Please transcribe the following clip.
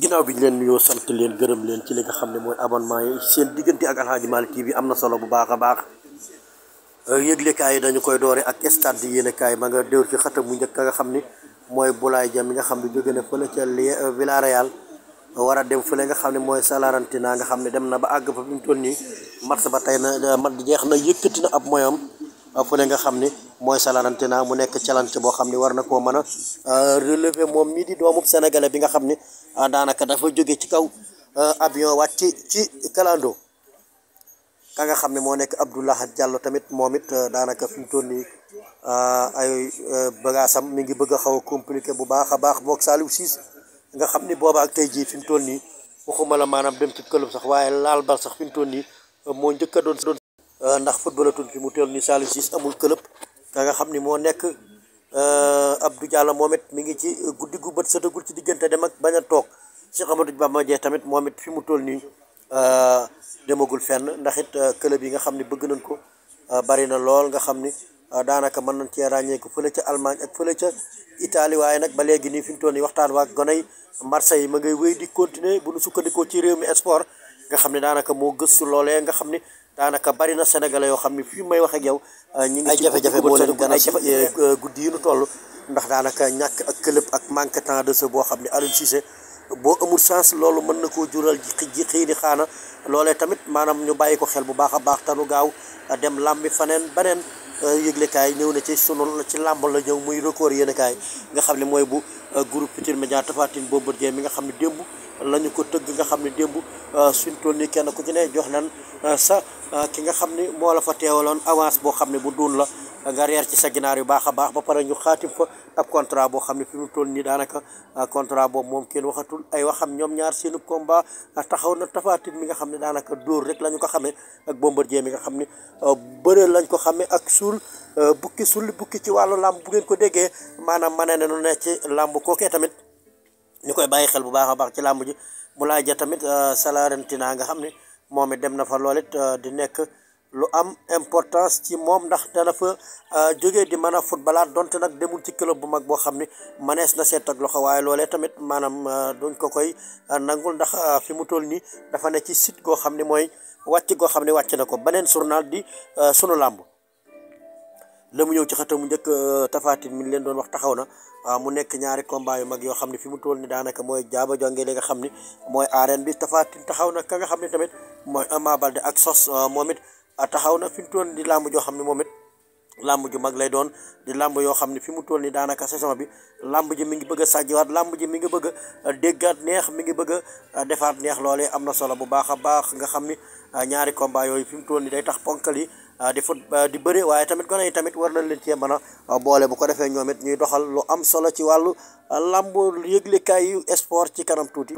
ginnaaw bi ñu leen nuyoo sant leen gërëm leen ci li nga xam ne mooy abonnement yi seen diggante ak Aladji Malick TV am na solo bu baax a baax euh, yëglekaay yi dañu koy doore ak stade di ba ma nga déwr ci xatam mu njëkk nga xam ni mooy Boulaye Dia mi nga xam ne jóge na fële ca euh, Villarreal wara a dem fële nga xam ne mooy naa nga xam ne dem na ba àgg fa fi mu toll nii match ba tey na euh, man jeex na yëkkati na ab moyam fële nga xam ni mooy Salernitana mu nekk challenge boo xam ni war na koo mën a euh, relever moom mii di doomu sénégalais bi nga xam ni euh, daanaka dafa jóge ci kaw euh, avion wàcc ci ci kalando ka nga xam ne moo nekk Abdoulaye Diallo tamit moom it daanaka fi mu toll nii ay bagaasam mi ngi bëgg a xaw a compliqué bu baax a baax mook Saliou Ciss nga xam ni booba ak tey fi mu toll nii waxuma la maanaam dem ci club sax waaye laal bal sax fi mu toll nii moo njëkk doon Euh, ndax footballatul fi mu teel ni Saliou amul club ka nga xam ni moo nekk euh, Abdou Diallo moom it mi ngi ci guddi gu bët setagul ci diggante dem ak bañ a toog Cheikh Amadou Bamba Dieng tamit moom it fi mu toll nii euh, demagul fenn ndax it club yi nga xam ne bëgg nañ ko bari na lool nga xam ni daanaka mën nañ cee ràññeeku fële ca Allemagne ak fële ca Italie waaye nag ba léegi nii fi mu toll nii waxtaan waa goney Marseille yi ma ngay wéy di continuer bu nu sukkandikoo ci réew mi sport nga xam ne daanaka moo gëstu loolee nga xam ni daanaka bari na sénégalais yoo xam ne fii may wax ak yow euh, ñi ay jafe-jafe moo leen gën a euh, euh, guddi yi nu toll ndax daanaka ñàkk ak club ak manque temps de jeu boo xam ne Aliou Cissé boo amul chance loolu mën na koo jural ji xii di xaana loole tamit maanaam ñu bàyyi ko xel bu baax a baax tanu gaaw dem làmbi faneen beneen Euh, yëglekaay ñëw na ci sunu ci làmb la ñëw muy record yéen kaay nga xam ne mooy bu euh, groupe Futurs Médias Tapha Tine Bombardier mi nga xam ne démb lañu ko tëgg nga xam ne démb euh, suñ toll nii kenn ku ci ne jox nan sa ki nga xam ne moo la fa teewaloon avance boo xam ne bu duun la nga reer ci sa ginaar yu baax a baax ba pare ñu xaatim fa ab contrat boo xam ne fi mu toll nii daanaka ah, contrat boobu moom kenn waxatul ay waxam ñoom ñaar seenu combat ah, taxaw na tafaatin mi nga xam ne daanaka dóor rek la ñu ko xamee ak Bombardier mi nga xam ne ah, bëre lañ ko xamee ak suul bukki suul bukki ci wàllu làmb bu ngeen ko déggee maanaam ma ne nu ne ci làmb kookee tamit ñu koy bàyyi xel bu baax a baax ci làmb ji mu laaj ja tamit Salarentina nga xam ne moom i dem na fa lool di nekk. lu am importance ci moom ndax dana fa euh, jógee di man a footballaat donte nag demul ci club bu mag boo xam ne manees na seet ak loxo waaye loolee tamit maanaam euh, duñ ko koy euh, nangul ndax fi mu toll nii dafa ne ci sit goo xam ne mooy wàcc goo xam ne wàcc na ko beneen journal di sunu làmb. la mu ñëw ci xëtam mu njëkk tafaatin mi leen doon wax taxaw na mu nekk ñaari combat yu mag yoo xam ne fi mu toll ni daanaka mooy jaaba jonge li nga xam ni mooy arène bi tafaatin taxaw na ka nga xam ne tamit mooy Ama Baldé ak sos moom Ah, taxaw na fi mu toll di làmb joo xam ne moom it làmb ju mag lay doon di làmb yoo xam ne fi mu toll nii daanaka saison bi làmb ji mi ngi bëgg a sàjjiwaat làmb ji mi ngi bëgg déggaat neex mi ngi bëgg a defaat neex loolee am na solo bu baax a baax nga xam ni ah, ñaari combat yooyu fi mu toll nii day tax ponkal yi ah, di fut di bëri tamit gone yi tamit war nañ leen cee mën boole bu ko defee ñoom ñuy doxal lu am solo ci wàllu làmb yëglekaay yu sport ci kanam tuuti.